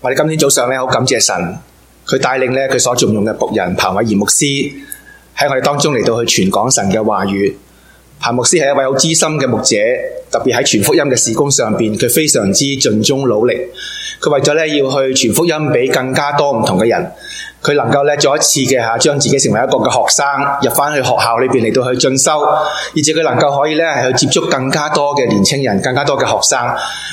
我哋今天早上呢，好感謝神，佢帶領呢佢所重用嘅僕人彭偉賢牧師喺我哋當中嚟到去傳講神嘅話語。彭牧師係一位好資深嘅牧者，特別喺傳福音嘅事工上邊，佢非常之盡忠努力。佢為咗呢要去傳福音俾更加多唔同嘅人。佢能夠咧做一次嘅嚇，將自己成為一個嘅學生，入翻去學校裏面嚟到去進修，而且佢能夠可以去接觸更加多嘅年輕人，更加多嘅學生，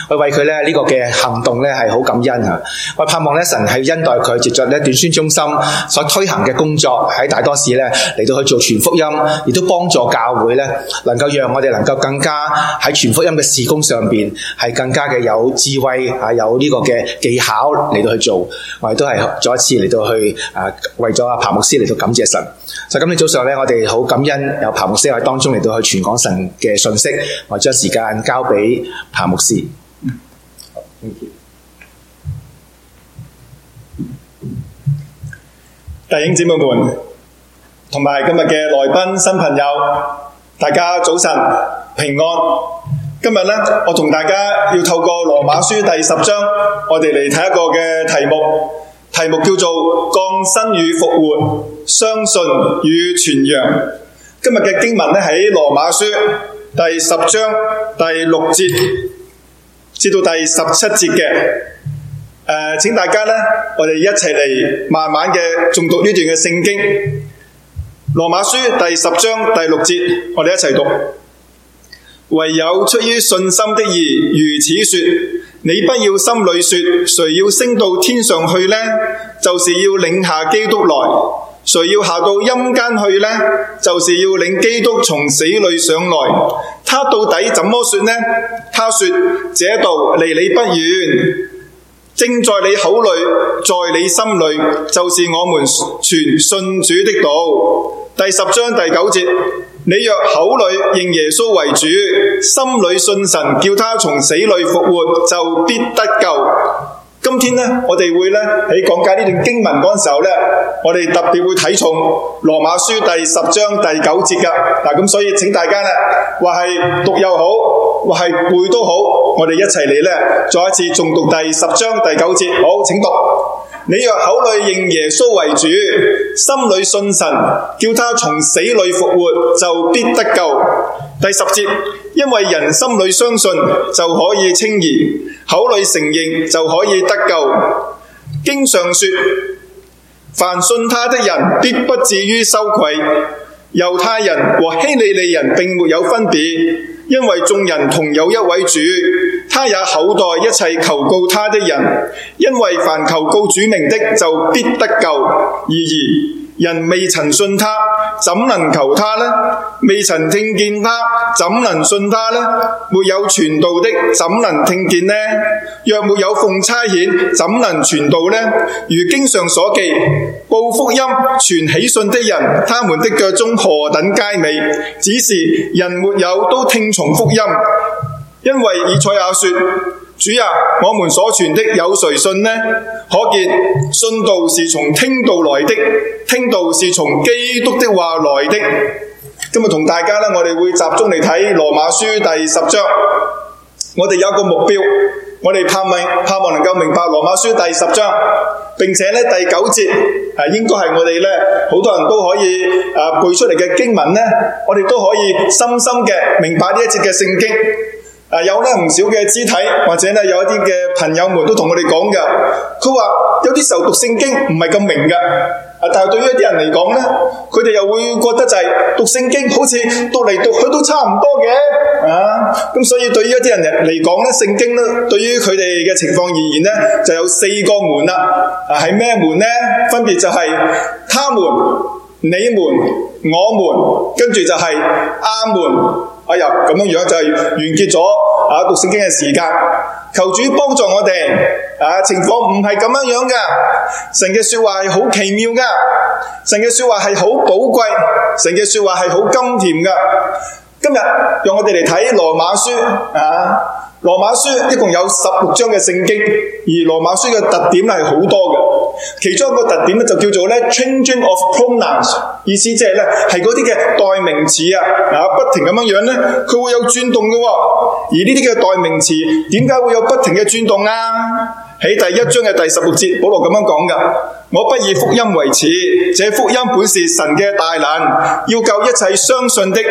我為佢咧呢個嘅行動咧係好感恩嚇，我盼望咧神係恩待佢，接觸咧短宣中心所推行嘅工作喺大多士咧嚟到去做全福音，亦都幫助教會能夠讓我哋能夠更加喺全福音嘅事工上面係更加嘅有智慧，有呢個嘅技巧嚟到去做，我亦都係做一次嚟到去。啊，為咗阿彭牧師嚟到感謝神，所以今日早上咧，我哋好感恩有彭牧師喺當中嚟到去傳講神嘅信息，我將時間交俾彭牧師。好，多謝。弟兄姊妹們，同埋今日嘅來賓新朋友，大家早晨平安。今日咧，我同大家要透過羅馬書第十章，我哋嚟睇一個嘅題目。題目叫做降生與復活，相信與傳揚。今日嘅經文喺羅馬書第十章第六節至到第十七節嘅。誒、呃，請大家呢，我哋一齊嚟慢慢嘅誦讀呢段嘅聖經。羅馬書第十章第六節，我哋一齊讀。唯有出於信心的義，如此說。你不要心裏說，誰要升到天上去呢？就是要領下基督來。誰要下到陰間去呢？就是要領基督從死裏上來。他到底怎麼說呢？他說：這道離你不遠，正在你口裏，在你心裏，就是我們傳信主的道。第十章第九節。你若口裏認耶穌為主，心裏信神叫他從死裏復活，就必得救。今天呢，我哋會呢喺講解呢段經文嗰陣時候呢，我哋特別會睇重羅馬書第十章第九節噶嗱，咁所以請大家呢或係讀又好，或係背都好，我哋一齊嚟，呢，再一次誦讀第十章第九節。好，請讀。你若口裏認耶穌為主，心裏信神，叫他從死裏復活，就必得救。第十節，因為人心裏相信，就可以稱義；口裏承認，就可以得救。經上說：凡信他的人，必不至於羞愧。猶太人和希利利人並沒有分別。因為眾人同有一位主，他也厚待一切求告他的人，因為凡求告主名的，就必得救。然而人未曾信他，怎能求他呢？未曾聽見他，怎能信他呢？沒有傳道的，怎能聽見呢？若沒有奉差遣，怎能傳道呢？如經上所記，報福音、傳喜信的人，他們的腳蹤何等佳美！只是人沒有都聽從福音，因為以賽亞說。主啊，我們所傳的有誰信呢？可見信道是從聽道來的，聽道是從基督的話來的。今日同大家呢，我哋會集中嚟睇羅馬書第十章。我哋有個目標，我哋盼望盼望能夠明白羅馬書第十章，並且呢，第九節係、啊、應該係我哋呢，好多人都可以啊背出嚟嘅經文呢，我哋都可以深深嘅明白呢一節嘅聖經。啊，有呢唔少嘅肢體，或者咧有一啲嘅朋友們都同我哋講嘅，佢話有啲時候讀聖經唔係咁明嘅，但係對於一啲人嚟講呢，佢哋又會覺得就係、是、讀聖經好似讀嚟讀去都差唔多嘅，啊咁所以對於一啲人嚟嚟講咧，聖經咧對於佢哋嘅情況而言呢，就有四個門啦，啊係咩門呢？分別就係他們、你們、我們，跟住就係阿門。哎呀，咁樣樣就係完結咗，啊讀聖經嘅時間。求主幫助我哋啊，情況唔係咁樣樣噶。神嘅說話係好奇妙噶，神嘅說話係好寶貴，神嘅說話係好甘甜噶。今日讓我哋嚟睇羅馬書啊，羅馬書一共有十六章嘅聖經，而羅馬書嘅特點係好多嘅。其中一個特點咧就叫做咧 changing of pronouns，意思即係咧係嗰啲嘅代名詞啊，不停咁樣樣咧，佢會有轉動嘅哦，而呢啲嘅代名詞點解會有不停嘅轉動啊？喺第一章嘅第十六節，保羅咁樣講噶，我不以福音為恥，這福音本是神嘅大能，要救一切相信的，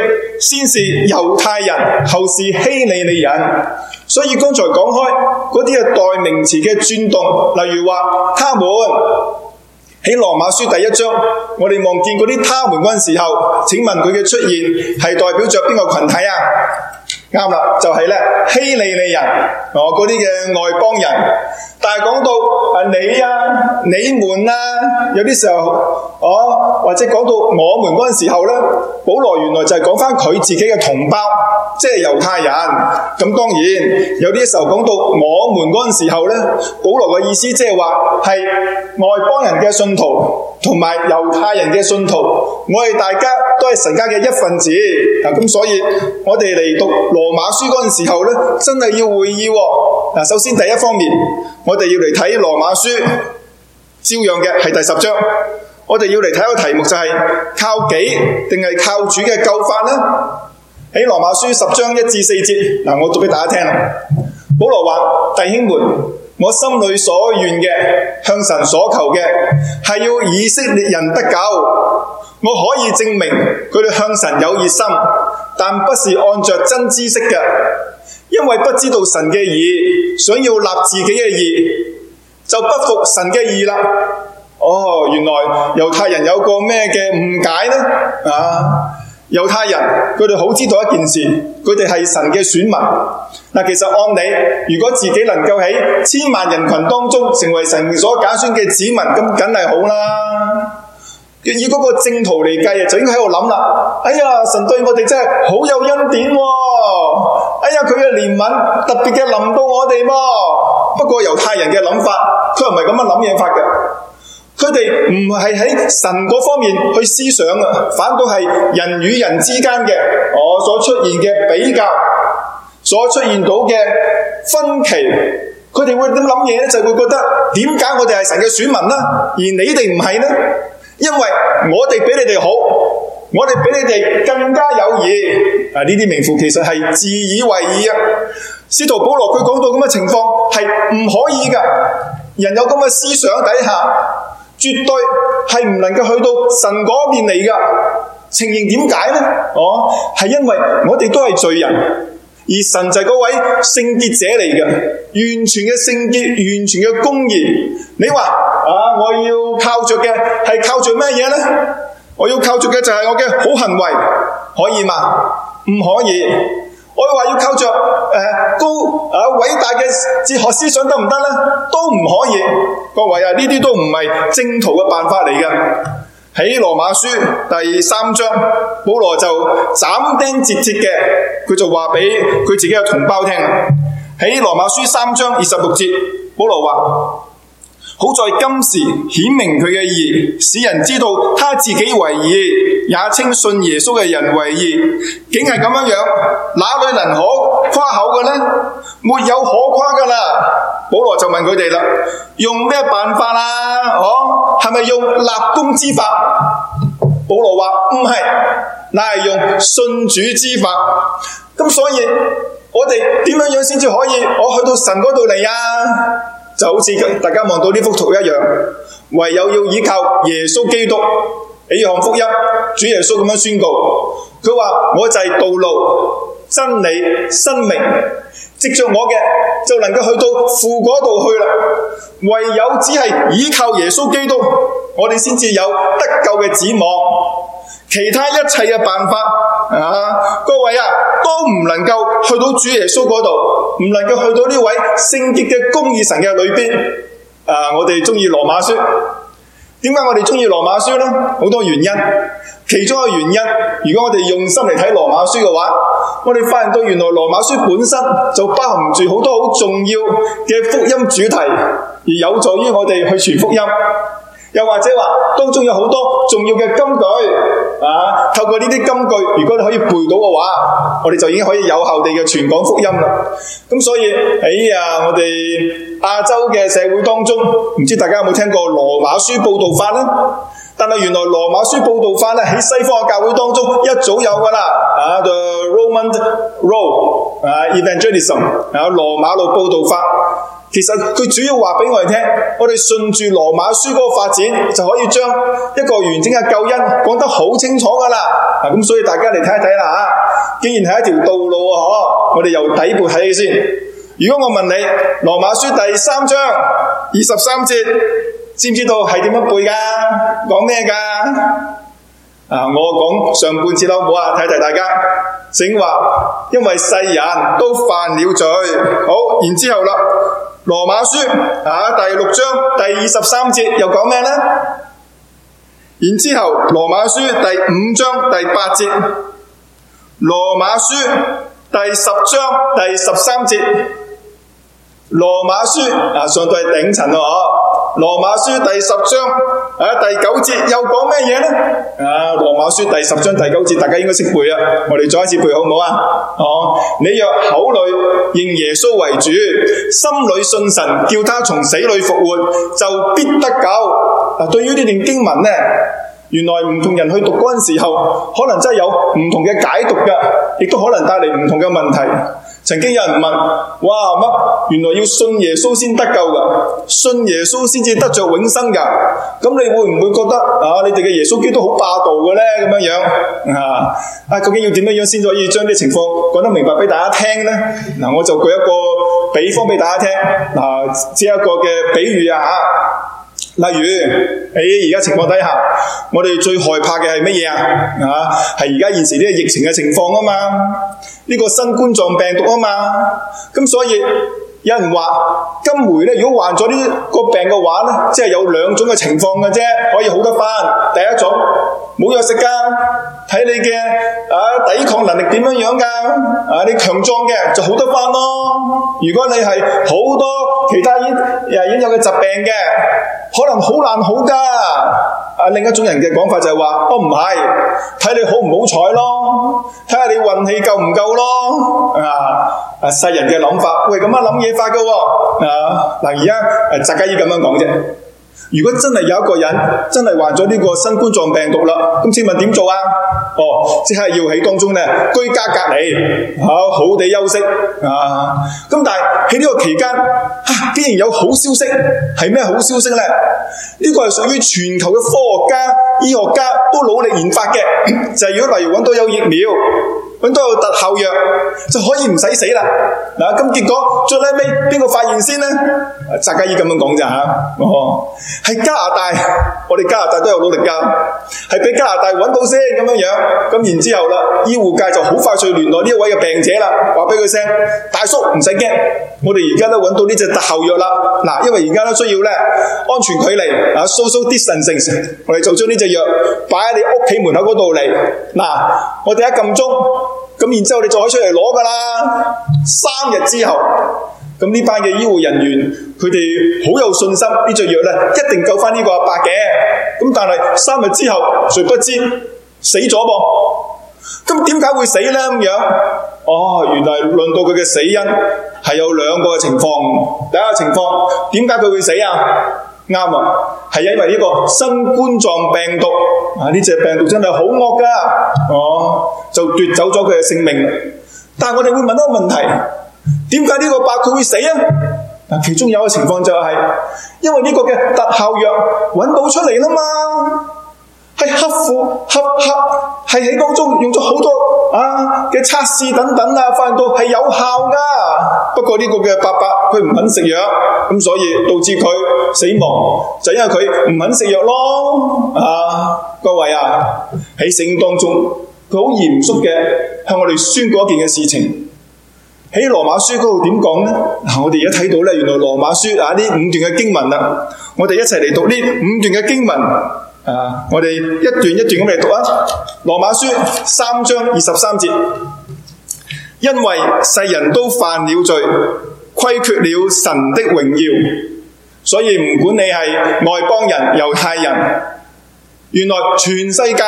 先是猶太人，後是希利尼人。所以剛才講開嗰啲係代名詞嘅轉動，例如話他們，喺羅馬書第一章，我哋望見嗰啲他們嗰陣時候，請問佢嘅出現係代表着邊個群體啊？啱啦，就係、是、咧希利尼人哦，嗰啲嘅外邦人。但係講到、啊、你呀、啊、你們啦、啊，有啲時候哦，或者講到我們嗰陣時候呢，保羅原來就係講返佢自己嘅同胞，即係猶太人。咁當然有啲時候講到我們嗰陣時候呢，保羅嘅意思即係話係外邦人嘅信徒同埋猶太人嘅信徒，我哋大家。都係神家嘅一份子啊！咁所以我哋嚟讀羅馬書嗰陣時候呢，真係要會議啊。嗱，首先第一方面，我哋要嚟睇羅馬書，照樣嘅係第十章。我哋要嚟睇個題目就係、是、靠己定係靠主嘅救法呢？喺羅馬書十章一至四節，嗱，我讀俾大家聽啦。保羅話：弟兄們。我心裏所願嘅，向神所求嘅，係要以色列人得救。我可以證明佢哋向神有熱心，但不是按着真知識嘅，因為不知道神嘅義，想要立自己嘅義，就不服神嘅義啦。哦，原來猶太人有個咩嘅誤解呢？啊！猶太人佢哋好知道一件事，佢哋係神嘅選民。其實按理，如果自己能夠喺千萬人群當中成為神所揀選嘅子民，咁梗係好啦。以嗰個正途嚟計，就應該喺度諗啦。哎呀，神對我哋真係好有恩典、啊。哎呀，佢嘅憐憫特別嘅臨到我哋噃、啊。不過猶太人嘅諗法，佢唔係咁樣諗嘢法嘅。佢哋唔係喺神嗰方面去思想啊，反倒係人與人之間嘅，我所出現嘅比較，所出現到嘅分歧，佢哋會點諗嘢咧？就會覺得點解我哋係神嘅選民啦，而你哋唔係咧？因為我哋比你哋好，我哋比你哋更加有義啊！呢啲名副其實係自以為義啊！使徒保羅佢講到咁嘅情況係唔可以噶，人有咁嘅思想底下。絕對係唔能夠去到神嗰邊嚟㗎，情形點解呢？哦，係因為我哋都係罪人，而神就係嗰位聖潔者嚟嘅，完全嘅聖潔，完全嘅公義。你話，啊，我要靠着嘅係靠着咩嘢呢？我要靠着嘅就係我嘅好行為，可以嘛？唔可以。我話要靠着、呃、高啊、呃、偉大嘅哲學思想，得唔得呢？都唔可以。各位啊，呢啲都唔係正途嘅辦法嚟嘅。喺羅馬書第三章，保羅就斬釘截鐵嘅，佢就話俾佢自己嘅同胞聽。喺羅馬書三章二十六節，保羅話：好在今時顯明佢嘅義，使人知道他自己為義，也稱信耶穌嘅人為義，竟係咁樣樣，哪裏能可誇口嘅呢？沒有可誇嘅啦。保羅就問佢哋啦，用咩辦法啊？哦，係咪用立功之法？保羅話唔係，那係用信主之法。咁所以我哋點樣樣先至可以我去到神嗰度嚟啊？就好似大家望到呢幅圖一樣，唯有要依靠耶穌基督。第二項福音，主耶穌咁樣宣告，佢話我就係道路、真理、生命，藉着我嘅就能夠去到父嗰度去啦。唯有只係倚靠耶穌基督，我哋先至有得救嘅指望。其他一切嘅辦法啊，各位啊，都唔能夠去到主耶穌嗰度，唔能夠去到呢位聖潔嘅公義神嘅裏邊。啊，我哋中意羅馬書。點解我哋鍾意羅馬書呢？好多原因，其中一個原因，如果我哋用心嚟睇羅馬書嘅話，我哋發現到原來羅馬書本身就包含住好多好重要嘅福音主題，而有助於我哋去傳福音。又或者話當中有好多重要嘅金句。啊！透過呢啲金句，如果你可以背到嘅話，我哋就已經可以有效地嘅傳講福音啦。咁所以，哎呀、啊，我哋亞洲嘅社會當中，唔知大家有冇聽過羅馬書報道法呢？但係原來羅馬書報道法呢，喺西方嘅教會當中一早有㗎喇。啊，the Roman Road，啊，evangelism，啊，羅馬路報道法。其實佢主要話俾我哋聽，我哋順住羅馬書嗰個發展就可以將一個完整嘅救恩講得好清楚噶啦。咁、啊、所以大家嚟睇一睇啦吓，既然係一條道路啊，我哋由底部睇起先。如果我問你羅馬書第三章二十三節，知唔知道係點樣背噶？講咩噶？啊，我講上半節啦，好啊，睇一睇大家請話，因為世人都犯了罪。好，然之後啦。羅馬書第六章第二十三節又講咩呢？然之後羅馬書第五章第八節，羅馬書第十章第十三節，羅馬書啊，上到頂層咯哦。羅馬書第十章啊，第九節又講咩嘢呢？啊，羅馬書第十章第九節，大家應該識背啊！我哋再一次背好唔好啊？哦，你若口裏認耶穌為主，心裏信神，叫他從死裏復活，就必得救。嗱、啊，對於呢段經文呢，原來唔同人去讀嗰陣時候，可能真係有唔同嘅解讀㗎，亦都可能帶嚟唔同嘅問題。曾經有人問：哇，乜原來要信耶穌先得救㗎，信耶穌先至得着永生㗎，咁你會唔會覺得、啊、你哋嘅耶穌基督好霸道嘅呢，咁樣樣、啊啊、究竟要點樣樣先可以將啲情況講得明白俾大家聽呢？嗱、啊，我就舉一個比方俾大家聽，嗱、啊，即係一個嘅比喻啊例如喺而家情況底下，我哋最害怕嘅係乜嘢啊？嚇，係而家現時啲疫情嘅情況啊嘛，呢個新冠狀病毒啊嘛，咁所以有人話金梅咧，如果患咗呢個病嘅話呢，即係有兩種嘅情況嘅啫，可以好得返。第一種冇藥食㗎。睇你嘅抵抗能力點樣樣噶，你強壯嘅就好得翻咯。如果你係好多其他又已經有嘅疾病嘅，可能好難好噶。另一種人嘅講法就係話，哦唔係，睇你好唔好彩咯，睇下你運氣夠唔夠咯。啊啊世人嘅諗法，喂咁樣諗嘢法噶。啊嗱而家啊扎加爾咁樣講啫。如果真係有一個人真係患咗呢個新冠狀病毒啦，咁請問點做啊？哦，即係要喺當中呢，居家隔離，好好地休息啊。咁但係喺呢個期間啊，竟然有好消息，係咩好消息呢？呢個係屬於全球嘅科學家、醫學家都努力研發嘅，嗯，就係如果例如搵到有疫苗，咁都有特效藥就可以唔使死啦咁、啊、結果最後尾邊個發現先咧？扎加爾咁樣講咋吓？啊、係加拿大，我哋加拿大都有努力噶，係俾加拿大揾到先咁樣樣，咁然之後啦，醫護界就好快脆聯絡呢位嘅病者啦，話俾佢聲：大叔唔使驚，我哋而家都揾到呢隻特效藥啦。嗱、啊，因為而家都需要咧安全距離啊，social distancing，我哋就將呢隻藥擺喺你屋企門口嗰度嚟。嗱，我哋一撳鐘。咁然之後你再可以出嚟攞噶啦，三日之後，咁呢班嘅醫護人員佢哋好有信心呢隻藥一定救返呢個阿伯嘅，咁但係三日之後誰不知死咗噃？咁點解會死呢？咁樣？哦，原來輪到佢嘅死因係有兩個情況，第一個情況點解佢會死啊？啱啊，係因為呢個新冠狀病毒啊，呢隻病毒真係好惡噶，哦、啊，就奪走咗佢嘅性命。但係我哋會問一個問題，點解呢個伯佢會死啊？嗱，其中有一個情況就係、是，因為呢個嘅特效藥搵到出嚟啦嘛，係合乎合合，係喺當中用咗好多啊嘅測試等等啊，發現到係有效噶。不過呢個嘅伯伯佢唔肯食藥，咁所以導致佢。死亡就因為佢唔肯食藥咯，啊，各位啊，喺聖經當中佢好嚴肅嘅向我哋宣講一件嘅事情。喺羅馬書嗰度點講呢？我哋而家睇到咧，原來羅馬書啊呢五段嘅經文，經文啊，我哋一齊嚟讀呢五段嘅經文啊，我哋一段一段咁嚟讀啊。羅馬書三章二十三節，因為世人都犯了罪，虧缺了神的榮耀。所以唔管你係外邦人、猶太人，原來全世界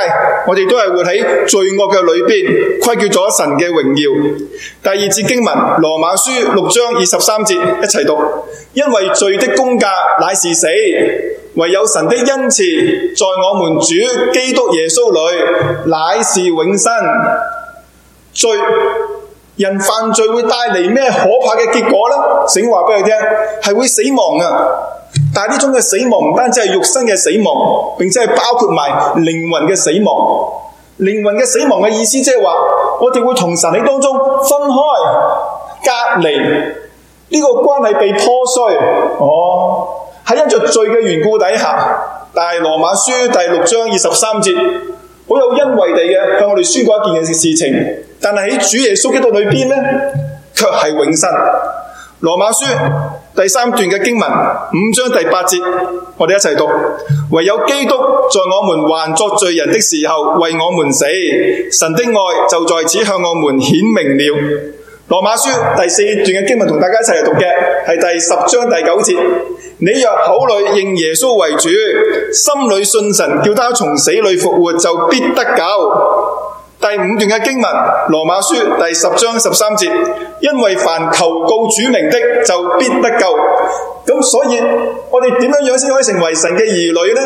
我哋都係活喺罪惡嘅裏邊，虧缺咗神嘅榮耀。第二節經文《羅馬書》六章二十三節，一齊讀。因為罪的工價乃是死，唯有神的恩賜在我們主基督耶穌裏，乃是永生罪。人犯罪會帶嚟咩可怕嘅結果呢？醒話俾佢聽，係會死亡嘅。但係呢種嘅死亡唔單止係肉身嘅死亡，並且係包括埋靈魂嘅死亡。靈魂嘅死亡嘅意思即係話，我哋會同神喺當中分開隔離，呢、這個關係被破碎。哦，喺因着罪嘅緣故底下。但係羅馬書第六章二十三節好有恩惠地嘅向我哋宣告一件嘅事情。但係喺主耶穌基督裏邊呢，卻係永生。羅馬書第三段嘅經文五章第八節，我哋一齊讀：唯有基督在我們還作罪人的時候為我們死，神的愛就在此向我們顯明了。羅馬書第四段嘅經文同大家一齊讀嘅係第十章第九節：你若口裏認耶穌為主，心裏信神叫他從死裏復活，就必得救。第五段嘅經文，《羅馬書》第十章十三節，因為凡求告主名的，就必得救。咁所以，我哋點樣樣先可以成為神嘅兒女呢？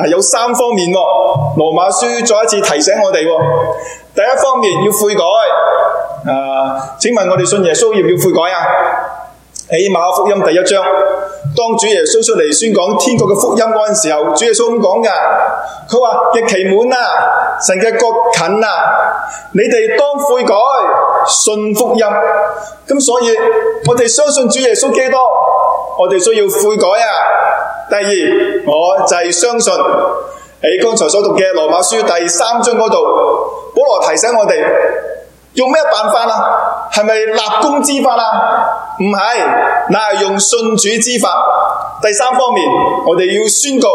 嗱，有三方面。羅馬書再一次提醒我哋，第一方面要悔改。誒、呃，請問我哋信耶穌要唔要悔改啊？馬可、哎、福音第一章，當主耶穌出嚟宣講天國嘅福音嗰陣時候，主耶穌咁講㗎，佢話日期滿啦、啊，神嘅國近啦、啊，你哋當悔改，信福音。咁所以我哋相信主耶穌基督，我哋需要悔改啊。第二，我就係相信喺、哎、剛才所讀嘅羅馬書第三章嗰度，保羅提醒我哋。用咩辦法啦？係咪立功之法啊？唔係，那係用信主之法。第三方面，我哋要宣告，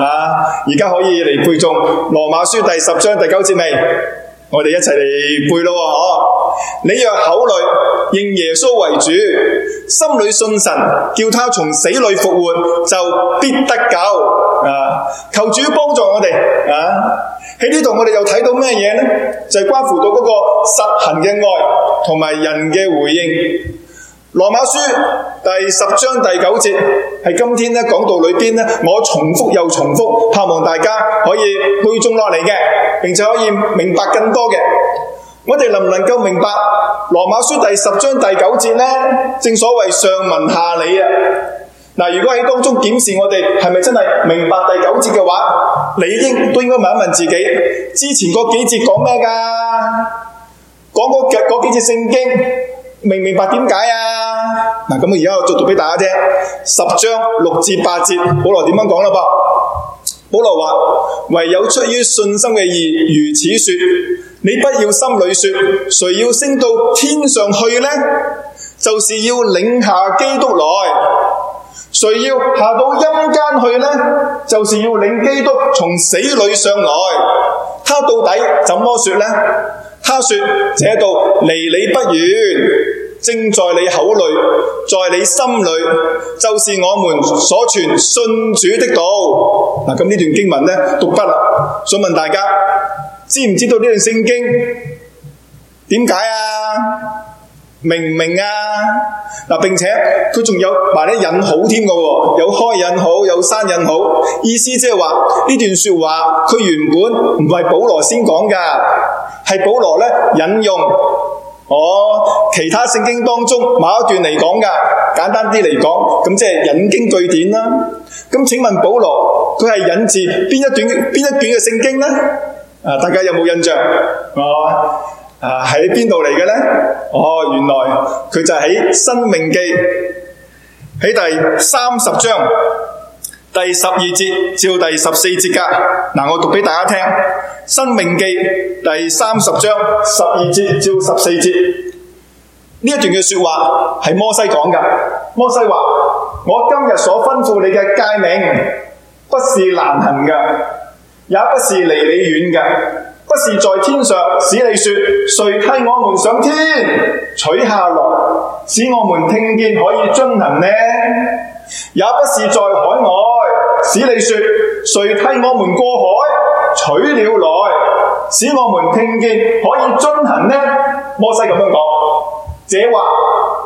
啊！而家可以嚟背誦《羅馬書》第十章第九節未？我哋一齊嚟背咯，你若口裏認耶穌為主，心裏信神，叫他從死裏復活，就必得救。啊！求主幫助我哋。啊！喺呢度我哋又睇到咩嘢呢？就係關乎到嗰個實行嘅愛同埋人嘅回應。羅馬書第十章第九節係今天嘅講道裏邊呢，我重複又重複，希望大家可以背誦落嚟嘅，並且可以明白更多嘅。我哋能唔能夠明白羅馬書第十章第九節呢？正所謂上文下理。啊！如果喺當中檢視我哋係咪真係明白第九節嘅話，你應該都應該問一問自己：之前嗰幾節講咩㗎？講嗰腳嗰幾節聖經明唔明白點解啊？嗱，咁我而家再讀俾大家聽。十章六至八節，保羅點樣講啦？噃，保羅話：唯有出於信心嘅義，如此說，你不要心裏說，誰要升到天上去呢？就是要領下基督來；誰要下到陰間去呢？就是要領基督從死裏上來。他到底怎麼說呢？他說：這道離你不遠。正在你口裏，在你心裏，就是我們所傳信主的道。嗱，咁呢段經文呢，讀畢啦，想問大家，知唔知道呢段聖經？點解啊？明唔明啊？嗱，並且佢仲有埋啲引號添噶喎，有開引號，有刪引號，意思即係話呢段說話，佢原本唔係保羅先講噶，係保羅呢引用。我、哦、其他聖經當中某一段嚟講㗎，簡單啲嚟講，咁即係引經據典啦。咁請問保羅佢係引自邊一段邊一段嘅聖經咧？啊，大家有冇印象？哦、啊，啊喺邊度嚟嘅咧？哦，原來佢就喺《申命記》喺第三十章。第十二節照第十四節噶，嗱我讀俾大家聽，《申命記》第三十章十二節照十四節，呢一段嘅說話係摩西講嘅。摩西話：我今日所吩咐你嘅誡命，不是難行嘅，也不是離你遠嘅。不是在天上，使你說誰替我們上天取下來，使我們聽見可以遵行呢？也不是在海外，使你說誰替我們過海取了來，使我們聽見可以遵行呢？摩西咁樣講，這話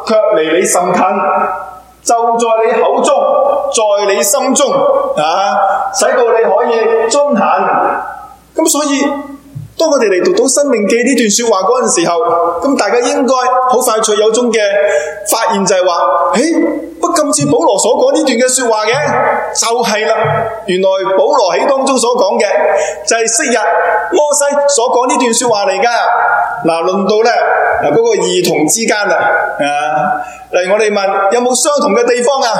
卻離你甚近，就在你口中，在你心中啊，使到你可以遵行。咁所以。當我哋嚟讀到《生命記》呢段說話嗰陣時候，咁大家應該好快趣有種嘅發現就係話，誒，乜咁似保羅所講呢段嘅說話嘅，就係啦。原來保羅喺當中所講嘅就係昔日摩西所講呢段說話嚟㗎。嗱，輪到呢嗰個兒童之間啦，啊，嚟我哋問有冇相同嘅地方啊？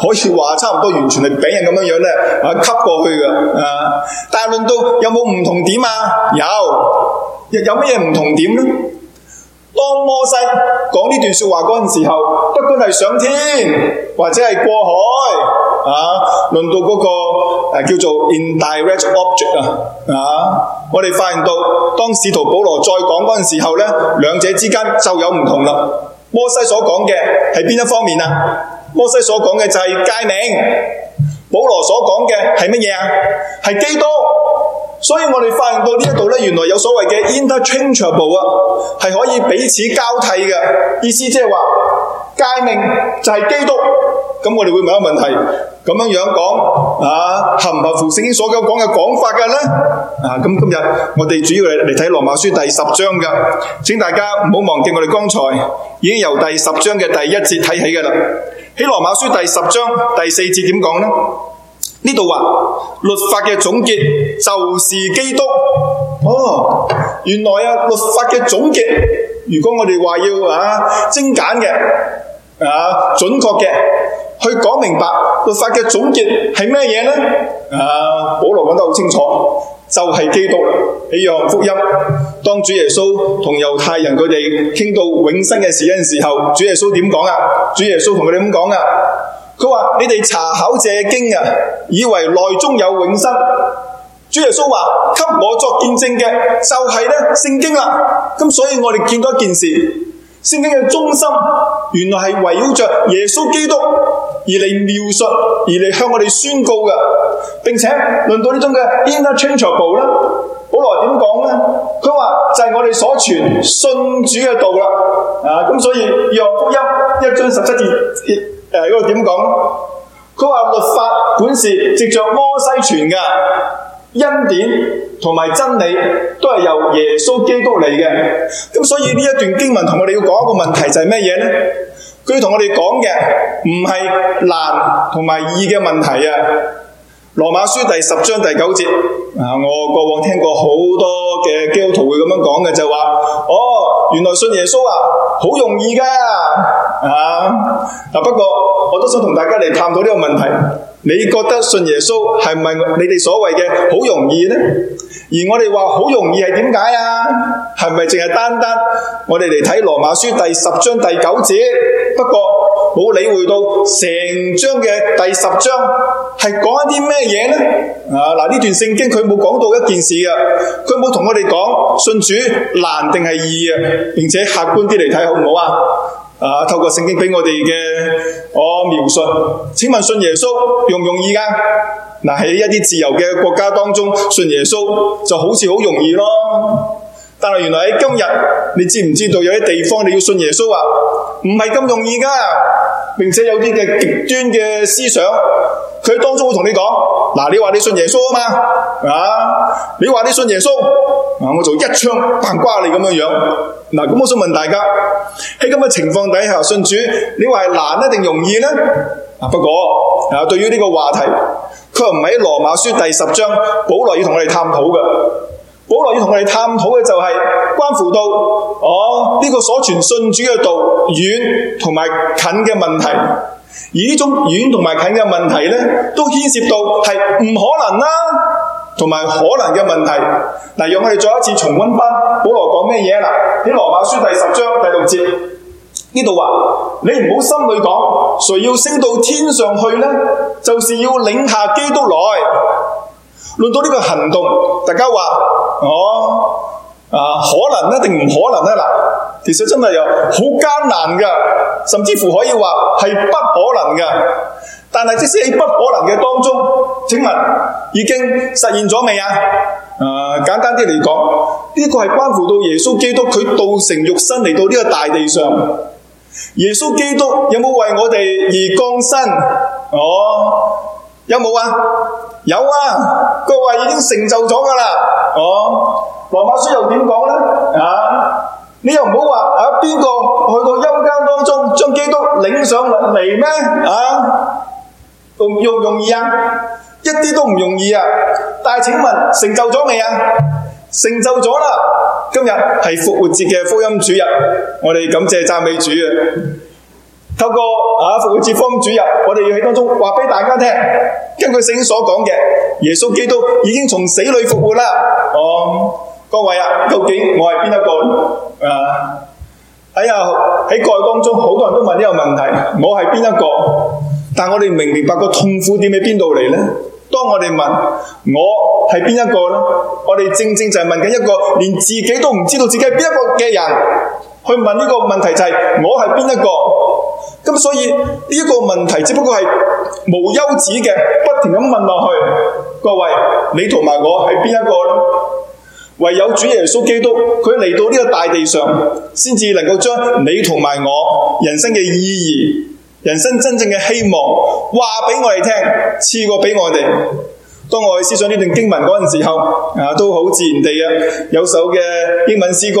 可以話差唔多完全係俾人咁樣樣咧，吸過去嘅。啊，但係論到有冇唔同點啊？有，有有乜嘢唔同點呢？當摩西講呢段說話嗰陣時候，不管係上天或者係過海，啊，論到嗰、嗰個，啊，叫做 indirect object 啊，我哋發現到當使徒保羅再講嗰陣時候呢，兩者之間就有唔同啦。摩西所講嘅係邊一方面啊？摩西所講嘅就係誡命，保羅所講嘅係乜嘢啊？係基督。所以我哋發現到呢一度咧，原來有所謂嘅 interchangeable 啊，係可以彼此交替嘅。意思即係話，戒命就係基督。咁我哋會問一個問題，咁樣樣講啊，合唔合乎聖經所講講嘅講法嘅咧？啊，咁今日我哋主要嚟嚟睇羅馬書第十章嘅，請大家唔好忘記我哋剛才已經由第十章嘅第一節睇起嘅啦。喺羅馬書第十章第四節點講呢？呢度話律法嘅總結就是基督。哦，原來啊，律法嘅總結，如果我哋話要、啊、精簡嘅啊，準確嘅，去講明白律法嘅總結係咩嘢呢？啊，保羅講得好清楚，就係、是、基督，係用福音。當主耶穌同猶太人佢哋傾到永生嘅事情嘅時候，主耶穌點講啊？主耶穌同佢哋咁講噶。佢話：你哋查考借經啊，以為內中有永生。主耶穌話：給我作見證嘅就係、是、呢聖經啦。咁所以我哋見到一件事，聖經嘅中心原來係圍繞着耶穌基督而嚟描述，而嚟向我哋宣告嘅，並且論到呢種嘅 interchangeable 啦。保羅點講呢？佢話就係我哋所傳信主嘅道啦。啊，咁所以約翰福音一章十七節。誒嗰、哎、個點講？佢話律法本是藉著摩西傳嘅，恩典同埋真理都係由耶穌基督嚟嘅。咁所以呢一段經文同我哋要講一個問題就係咩嘢咧？佢要同我哋講嘅唔係難同埋易嘅問題啊！羅馬書第十章第九節啊，我過往聽過好多嘅基督徒會咁樣講嘅，就話、是、哦，原來信耶穌啊，好容易㗎啊！嗱、啊，不過我都想同大家嚟探討呢個問題，你覺得信耶穌係唔係你哋所謂嘅好容易呢？而我哋話好容易係點解啊？係咪淨係單單我哋嚟睇羅馬書第十章第九節？不過冇理會到成章嘅第十章。係講一啲咩嘢呢？啊，嗱，呢段聖經佢冇講到一件事嘅，佢冇同我哋講信主難定係易啊。並且客觀啲嚟睇好唔好啊？啊，透過聖經俾我哋嘅描述，請問信耶穌容唔容易啊？嗱，喺一啲自由嘅國家當中，信耶穌就好似好容易咯。但係原來喺今日，你知唔知道有啲地方你要信耶穌啊？唔係咁容易噶，並且有啲嘅極端嘅思想，佢當中會同你講：嗱，你話你信耶穌啊嘛？啊，你話你信耶穌，啊，我就一槍崩瓜你咁樣樣。嗱、啊，咁我想問大家喺咁嘅情況底下，信主你話係難咧定容易呢？啊，不過啊，對於呢個話題，佢又唔喺羅馬書第十章，保羅要同我哋探討嘅。保羅要同你哋探討嘅就係關乎到哦呢、這個所傳信主嘅道遠同埋近嘅問題，而呢種遠同埋近嘅問題呢，都牽涉到係唔可能啦、啊，同埋可能嘅問題。嗱，讓我哋再一次重温返保羅講咩嘢啦？喺羅馬書第十章第六節呢度話：你唔好心裏講，誰要升到天上去呢，就是要領下基督來。論到呢個行動，大家話、哦啊、可能呢定唔可能呢、啊、其實真係有好艱難噶，甚至乎可以話係不可能噶。但係即使喺不可能嘅當中，請問已經實現咗未啊？誒，簡單啲嚟講，呢、這個係關乎到耶穌基督佢道成肉身嚟到呢個大地上，耶穌基督有冇為我哋而降生？哦有冇啊？有啊！各位已經成就咗㗎喇，哦，羅馬書又點講呢？啊，你又唔好話啊，邊個去到陰間當中將基督領上嚟咩？啊，容容唔容易啊？一啲都唔容易啊！但係請問成就咗未啊？成就咗啦！今日係復活節嘅福音主日，我哋感謝讚美主啊！有個啊，復活節方主任，我哋要喺當中話俾大家聽，根據聖經所講嘅，耶穌基督已經從死裏復活啦。哦，各位啊，究竟我係邊一個啊，喺啊喺蓋當中，好多人都問呢個問題，我係邊一個？但我哋明唔明白個痛苦點喺邊度嚟咧？當我哋問我係邊一個咧，我哋正正就係問緊一個連自己都唔知道自己係邊一個嘅人，去問呢個問題就係、是、我係邊一個。咁所以呢一個問題，只不過係無休止嘅，不停咁問落去。各位，你同埋我係邊一個呢？唯有主耶穌基督，佢嚟到呢個大地上，先至能夠將你同埋我人生嘅意義、人生真正嘅希望，話俾我哋聽，賜過俾我哋。當我去思想呢段經文嗰陣時候，啊，都好自然地啊，有首嘅英文詩歌。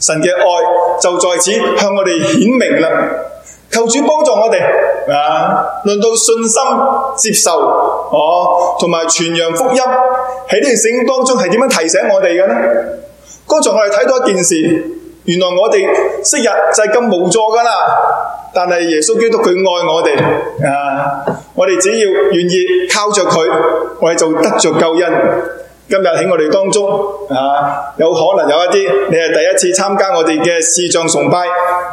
神嘅愛就在此向我哋顯明啦，求主幫助我哋啊！論到信心接受哦，同埋傳揚福音喺呢段聖經當中係點樣提醒我哋嘅呢？剛才我哋睇到一件事，原來我哋昔日就係咁無助噶啦，但係耶穌基督佢愛我哋啊，我哋只要願意靠着佢，我哋就得着救恩。今日喺我哋當中，啊，有可能有一啲你係第一次參加我哋嘅視像崇拜，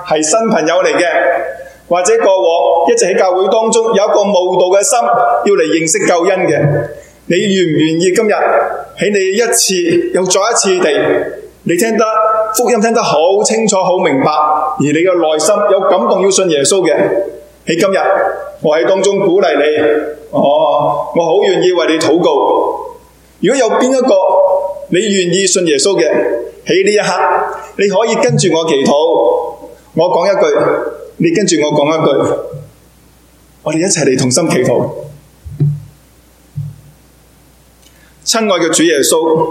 係新朋友嚟嘅，或者過往一直喺教會當中有一個慕道嘅心，要嚟認識救恩嘅，你願唔願意今日喺你一次又再一次地，你聽得福音聽得好清楚、好明白，而你嘅內心有感動要信耶穌嘅，喺今日我喺當中鼓勵你，哦，我我好願意為你禱告。如果有邊一個你願意信耶穌嘅，喺呢一刻你可以跟住我祈禱，我講一句，你跟住我講一句，我哋一齊嚟同心祈禱。親愛嘅主耶穌，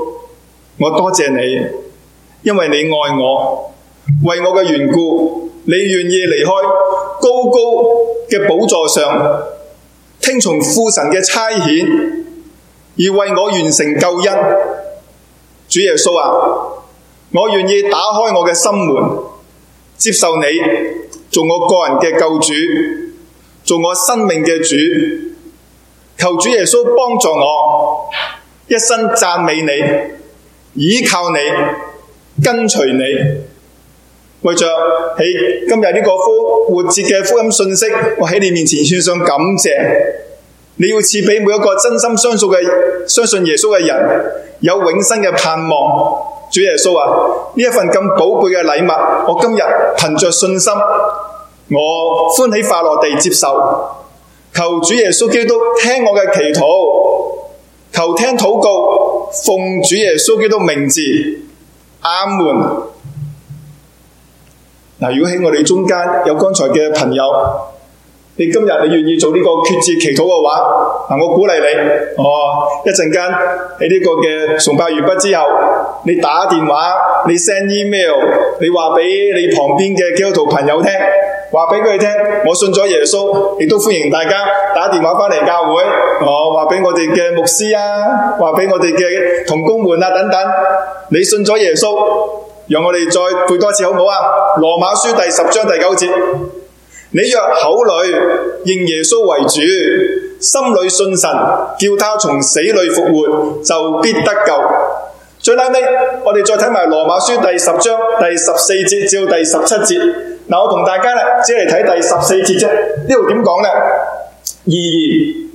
我多謝你，因為你愛我，為我嘅緣故，你願意離開高高嘅寶座上，聽從父神嘅差遣。而為我完成救恩，主耶穌啊，我願意打開我嘅心門，接受你做我個人嘅救主，做我生命嘅主，求主耶穌幫助我，一生讚美你，依靠你，跟隨你，為着喺今日呢個復活節嘅福音信息，我喺你面前獻上感謝。你要賜俾每一個真心相信耶穌嘅人，有永生嘅盼望。主耶穌啊，呢一份咁寶貴嘅禮物，我今日憑着信心，我歡喜快樂地接受。求主耶穌基督聽我嘅祈禱，求聽禱告，奉主耶穌基督名字，阿門。嗱，如果喺我哋中間有剛才嘅朋友。你今日你願意做呢個決志祈禱嘅話，我鼓勵你，哦，一陣間你呢個嘅崇拜完畢之後，你打電話，你 send email，你話俾你旁邊嘅基督徒朋友聽，話俾佢聽，我信咗耶穌，亦都歡迎大家打電話翻嚟教會，哦，話俾我哋嘅牧師啊，話俾我哋嘅同工們啊等等，你信咗耶穌，讓我哋再背多一次好唔好啊？羅馬書第十章第九節。你若口裏認耶穌為主，心裏信神，叫他從死裏復活，就必得救。最後呢，我哋再睇埋羅馬書第十章第十四節至第十七節。嗱，我同大家啦，只嚟睇第十四節啫。呢度點講呢？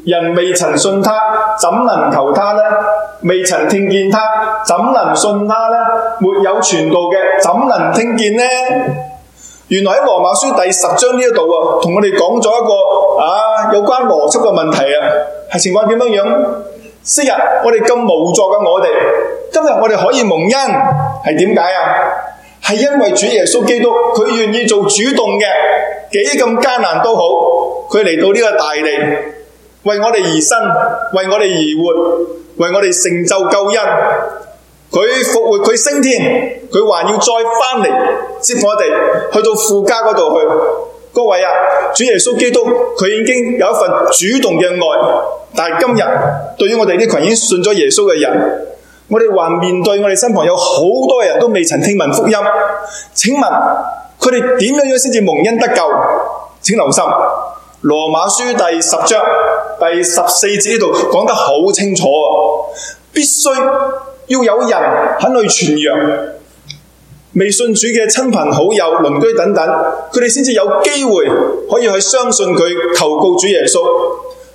然而人未曾信他，怎能求他呢？未曾聽見他，怎能信他呢？沒有傳道嘅，怎能聽見呢？原來喺《羅馬書》第十章呢一度啊，同我哋講咗一個啊有關邏輯嘅問題啊，係情況點樣樣？昔日我哋咁無助嘅我哋，今日我哋可以蒙恩，係點解啊？係因為主耶穌基督，佢願意做主動嘅，幾咁艱難都好，佢嚟到呢個大地，為我哋而生，為我哋而活，為我哋成就救恩。佢復活，佢升天，佢還要再翻嚟接我哋去到父家嗰度去。各位啊，主耶穌基督佢已經有一份主動嘅愛，但係今日對於我哋呢群已經信咗耶穌嘅人，我哋還面對我哋身旁有好多人都未曾聽聞福音。請問佢哋點樣樣先至蒙恩得救？請留心《羅馬書》第十章第十四節呢度講得好清楚，必須。要有人肯去傳揚，未信主嘅親朋好友、鄰居等等，佢哋先至有機會可以去相信佢，求告主耶穌。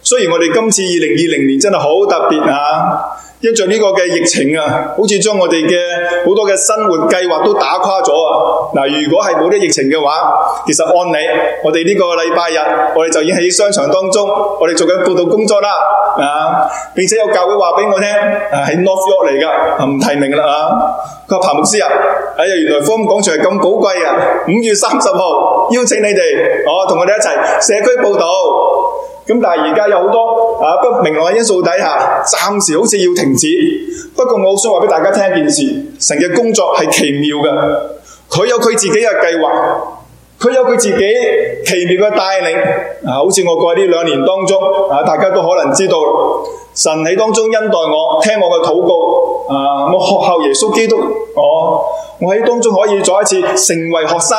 雖然我哋今次二零二零年真係好特別啊，因在呢個嘅疫情啊，好似將我哋嘅好多嘅生活計劃都打垮咗啊！嗱，如果係冇呢疫情嘅話，其實按理我哋呢個禮拜日，我哋就已經喺商場當中，我哋做緊報道工作啦啊，並且有教會話俾我聽，係 North York 嚟㗎，唔提名啦啊！佢話，彭牧師啊，原來福音廣場係咁寶貴啊！五月三十號邀請你哋，我同我哋一齊社區報道。但係而家有好多不明朗嘅因素底下，暫時好似要停止。不過我想話俾大家聽一件事：神嘅工作係奇妙嘅，佢有佢自己嘅計劃，佢有佢自己奇妙嘅帶領。好似我過呢兩年當中，大家都可能知道。神喺當中恩待我，聽我嘅禱告。啊，我學校耶穌基督，啊、我我喺當中可以再一次成為學生。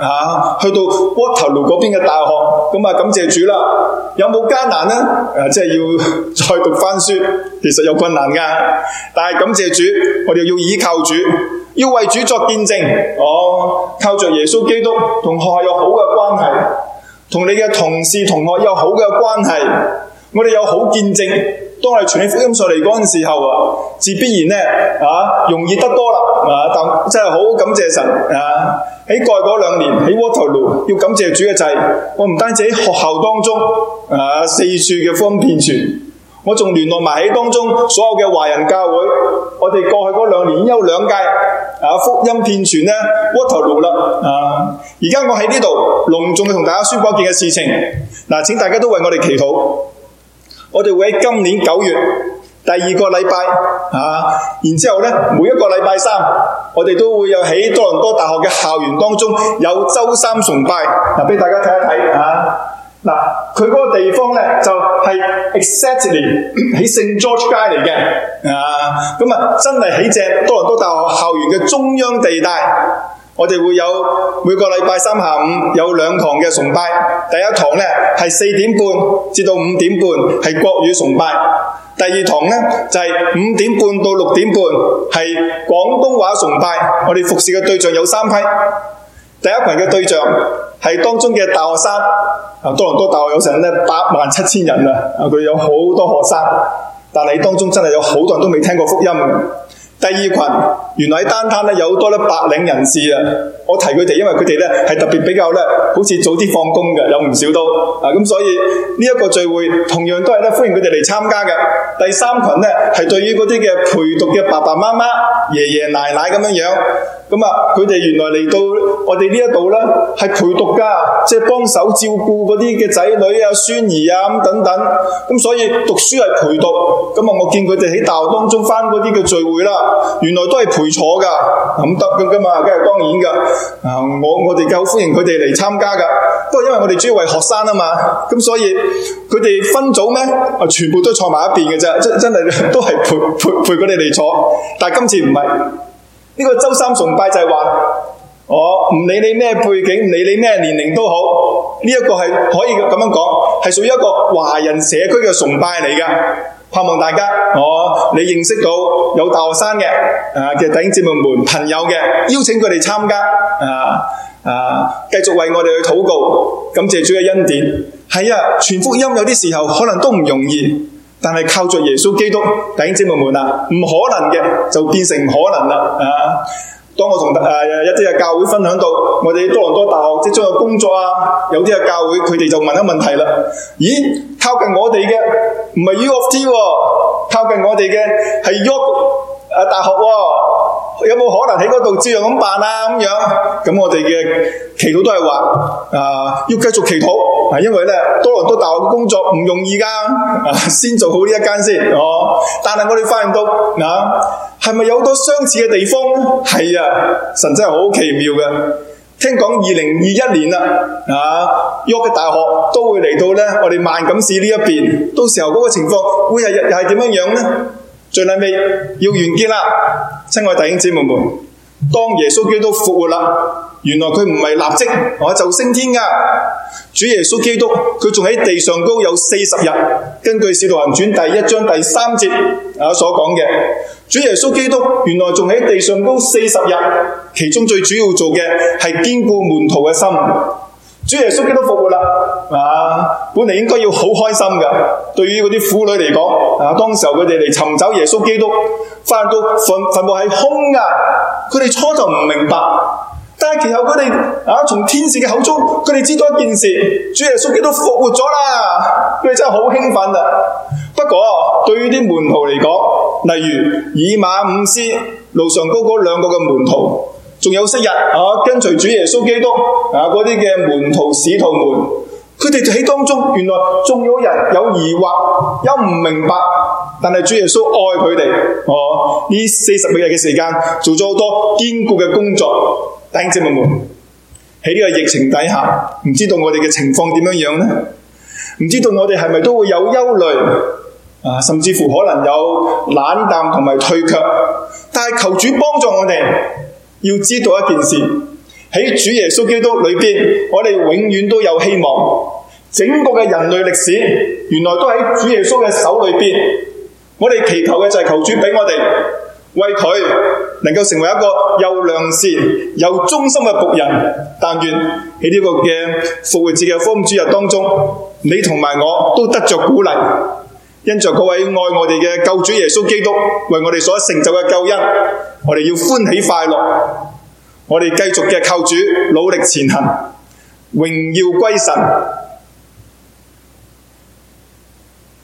吓、啊，去到 Waterloo 嗰邊嘅大學，咁啊，感謝主啦！有冇艱難呢？誒、啊，即係要再讀翻書，其實有困難噶。但係感謝主，我哋要倚靠主，要為主作見證。哦、啊，靠着耶穌基督，同學校有好嘅關係，同你嘅同事同學有好嘅關係，我哋有好見證。當我傳起福音上嚟嗰陣時候啊，自然咧啊，容易得多啦，啊、但真係好感謝神啊！喺過去嗰兩年，喺 Waterloo 要感謝主嘅就係我唔單止喺學校當中啊，四處嘅福音遍傳，我仲聯絡埋喺當中所有嘅華人教會。我哋過去嗰兩年有兩屆、啊、福音遍傳咧 Waterloo 啦啊！而家我喺呢度隆重地同大家宣布一件嘅事情，嗱、啊，請大家都為我哋祈禱。我哋會喺今年九月第二個禮拜啊，然之後呢每一個禮拜三，我哋都會有喺多倫多大學嘅校園當中有周三崇拜，嗱、啊、俾大家睇一睇啊。嗱，佢嗰個地方呢，就係、是、Exactly 喺聖 George 街嚟嘅啊，咁啊，啊真係喺只多倫多大學校園嘅中央地帶。我哋會有每個禮拜三下午有兩堂嘅崇拜，第一堂呢係四點半至到五點半係國語崇拜，第二堂呢就係五點半到六點半係廣東話崇拜。我哋服侍嘅對象有三批，第一群嘅對象係當中嘅大學生，啊多倫多大學有成呢八萬七千人啊，啊佢有好多學生，但係當中真係有好多人都未聽過福音。第二群，原來喺丹攤有好多呢白領人士啊，我提佢哋，因為佢哋呢係特別比較呢，好似早啲放工嘅，有唔少都啊，咁所以呢一、這個聚會同樣都係呢歡迎佢哋嚟參加嘅。第三群呢係對於嗰啲嘅陪讀嘅爸爸媽媽、爺爺奶奶咁樣樣。咁啊，佢哋原來嚟到我哋呢一度咧，係陪讀家，即係幫手照顧嗰啲嘅仔女啊、孫兒啊咁等等。咁所以讀書係陪讀。咁啊，我見佢哋喺大學當中返嗰啲嘅聚會啦，原來都係陪坐㗎，咁得㗎嘛，梗係當然㗎。我我哋好歡迎佢哋嚟參加㗎。不過因為我哋主要為學生啊嘛，咁所以佢哋分組咩？全部都坐埋一邊嘅啫，真真係都係陪陪陪佢哋嚟坐。但今次唔係。呢個周三崇拜就係話，我、哦、唔理你咩背景，唔理你咩年齡都好，呢、這、一個係可以咁樣講，係屬於一個華人社區嘅崇拜嚟嘅。盼望大家，我、哦、你認識到有大學生嘅誒嘅弟兄姐妹們、朋友嘅邀請佢哋參加，啊啊，繼續為我哋去禱告，感謝主嘅恩典。係啊，傳福音有啲時候可能都唔容易。但係靠着耶穌基督，弟兄姊妹們啊，唔可能嘅就變成可能啦啊！當我同一啲嘅教會分享到，我哋多倫多大學即將有工作啊，有啲嘅教會佢哋就問一個問，問題啦，咦，靠近我哋嘅唔係 U of T，啊、靠近我哋嘅係 York 大學，啊、有冇可能喺嗰度照樣咁辦啊？咁樣，咁我哋嘅祈禱都係話，誒、啊，要繼續祈禱。啊，因為多倫多大學嘅工作唔容易噶、啊，先做好呢一間先，哦、啊。但係我哋發現到，嗱、啊，係咪有好多相似嘅地方咧？係啊，神真係好奇妙嘅。聽講二零二一年啦，啊，約克大學都會嚟到咧，我哋萬錦市呢一邊，到時候嗰個情況會係又係點樣樣咧？最尾要完結啦，親愛弟兄姊妹們，當耶穌基督復活啦。原來佢唔係立即啊就升天噶、啊，主耶穌基督佢仲喺地上高有四十日。根據《使徒行傳》第一章第三節所講嘅，主耶穌基督原來仲喺地上高四十日，其中最主要做嘅係堅固門徒嘅心。主耶穌基督復活啦、啊，本嚟應該要好開心噶。對於嗰啲婦女嚟講，啊，當時候佢哋嚟尋找耶穌基督，發覺墳墓係空噶、啊，佢哋初就唔明白。其實佢哋啊，從天使嘅口中，佢哋知道一件事：主耶穌基督復活咗啦！佢哋真係好興奮啊！不過對於啲門徒嚟講，例如以馬忤斯路上高嗰兩個嘅門徒，仲有昔日啊跟隨主耶穌基督啊嗰啲嘅門徒使徒們，佢哋喺當中原來仲有人有疑惑，有唔明白，但係主耶穌愛佢哋哦。呢、啊、四十六日嘅時間，做咗好多堅固嘅工作。弟兄姊妹們，喺呢個疫情底下，唔知道我哋嘅情況點樣樣呢？唔知道我哋係咪都會有憂慮啊，甚至乎可能有冷淡同埋退卻。但係求主幫助我哋，要知道一件事：喺主耶穌基督裏邊，我哋永遠都有希望。整個嘅人類歷史，原來都喺主耶穌嘅手裏邊。我哋祈求嘅就係求主俾我哋。為佢能夠成為一個又良善又忠心嘅僕人，但願喺呢個嘅復活節嘅方主日當中，你同埋我都得着鼓勵，因着各位愛我哋嘅救主耶穌基督為我哋所成就嘅救恩，我哋要歡喜快樂，我哋繼續嘅靠主努力前行，榮耀歸神。